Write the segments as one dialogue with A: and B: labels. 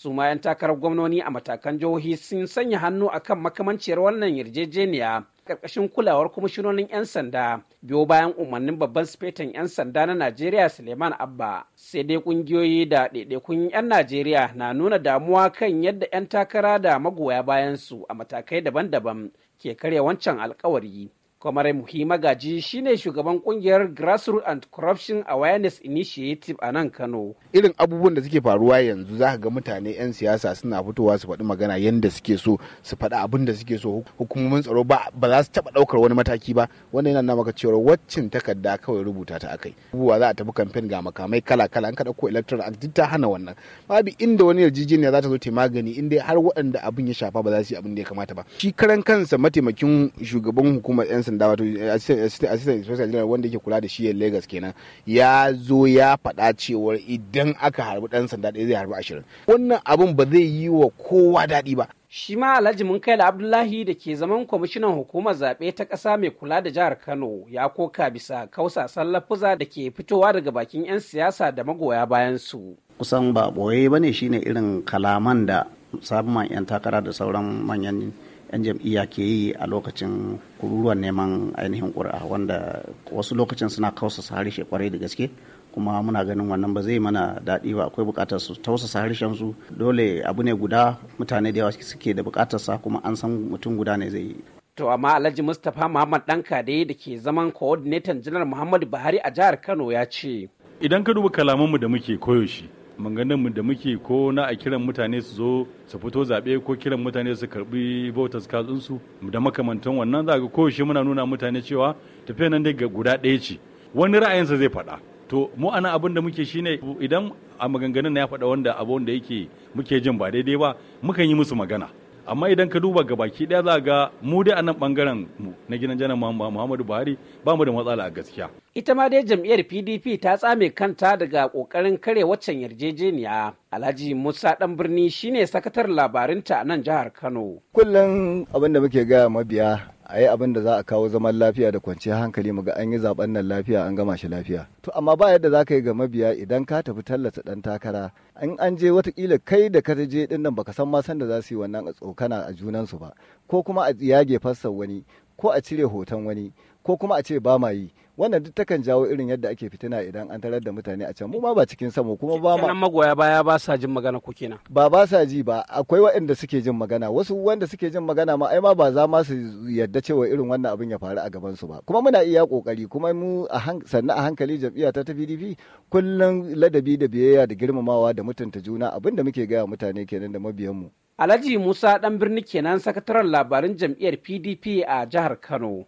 A: su ma 'yan takarar gwamnoni a matakan jihohi sun sanya hannu a akan makamanciyar wannan yarjejeniya karkashin kulawar kwamishinonin 'yan sanda biyo bayan umarnin babban sifetan 'yan sanda na najeriya suleiman abba sai dai kungiyoyi da ɗaiɗaikun 'yan najeriya na nuna damuwa kan yadda 'yan takara da magoya bayansu a matakai daban-daban ke karya wancan alkawari Kwamare Muhimma Gaji shine shugaban kungiyar Grassroots and Corruption Awareness Initiative a nan Kano.
B: Irin abubuwan da suke faruwa yanzu za ga mutane 'yan siyasa suna fitowa su faɗi magana yadda suke so su faɗi abin da suke so hukumomin tsaro ba za su taɓa ɗaukar wani mataki ba wanda yana maka cewa waccin takarda kawai rubuta ta akai. Abubuwa za a tafi kamfen ga makamai kala kala an kaɗa ko electoral act ta hana wannan. Babu inda wani yarjejeniya za ta zo ta magani inda har waɗanda abin ya shafa ba za su yi abin da ya kamata ba. Shi karan kansa mataimakin shugaban hukumar 'yan da wato eh, assistant inspector general wanda yake kula da shi a Lagos kenan ya zo ya faɗa cewa idan aka harbi dan sanda ɗaya zai harbi ashirin wannan abun ba zai yi wa kowa daɗi ba
A: shi ma alhaji munkaila abdullahi da ke zaman kwamishinan hukumar zaɓe ta ƙasa mai kula da jihar kano ya koka bisa kausasan lafuza da ke fitowa daga bakin 'yan siyasa da magoya bayan su kusan ba ɓoye ba ne shine irin kalaman da sabon 'yan takara da sauran manyan 'yan jam'iyya ke yi a lokacin kururuwan neman ainihin ƙura wanda wasu lokacin suna kausasa harshe kwarai da gaske kuma muna ganin wannan ba zai mana daɗi ba akwai buƙatar su tausasa harshen su dole abu ne guda mutane da yawa suke da buƙatar sa kuma an san mutum guda ne zai yi to amma alhaji mustapha muhammad ɗanka da ke zaman coordinator general muhammadu buhari a jihar kano
C: ya ce idan ka duba kalamanmu da muke koyaushe maganganun da muke ko na a kiran mutane su zo su fito zaɓe ko kiran mutane su karɓi voters card su da makamantan wannan za ga koyaushe muna nuna mutane cewa tafiya nan dai guda ɗaya ce wani ra'ayinsa zai faɗa to mu ana abin da muke shine idan a maganganun na ya faɗa wanda abu da yake muke jin ba daidai ba mukan yi musu magana amma idan ka duba ga baki daya za ga mu dai a nan bangaren mu na gidan janar muhammadu buhari ba mu da matsala a gaskiya
A: ita ma dai jam'iyyar pdp ta tsame kanta daga kokarin kare waccan yarjejeniya alhaji musa dan birni shine sakatar labarinta a nan jihar kano
D: kullum abin da muke gaya mabiya a yi abin da za a kawo zaman lafiya da kwanciyar hankali mu ga an yi zaben nan lafiya an gama shi lafiya to amma ba yadda za ka yi ga mabiya idan ka tafi tallata dan takara in an je watakila kai da ka je din nan baka san ma san da za su yi wannan tsokana a junan su ba ko kuma a yage fassar wani ko a cire hoton wani ko kuma a ce ba ma yi wannan duk takan jawo irin yadda ake fitina idan an tarar da mutane a can mu ma ba cikin samu kuma ba ma
A: magoya baya ba sa jin magana ko kenan ba
D: ba sa ji ba akwai waɗanda suke jin magana wasu wanda suke jin magana ma ai ma ba za ma su yadda cewa irin wannan abin ya faru a gaban su ba kuma muna iya kokari kuma mu a sannan a hankali jam'iyya ta ta PDP kullum ladabi da biyayya da girmamawa da mutunta juna abin da muke gaya mutane kenan da mabiyan mu
A: Alhaji Musa dan birni kenan sakataren labarin jam'iyyar PDP a jihar Kano,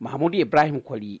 A: Mahmud Ibrahim Kwali,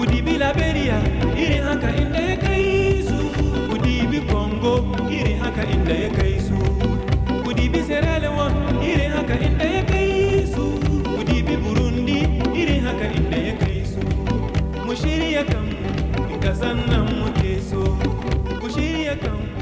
C: udibi liberia irin haka inda ya kai su udibi congo irin haka inda ya kai su udibi sierra leone irin haka inda ya kai su udibi burundi irin haka inda ya Mushiri yakam, mu shirya kan kasan nan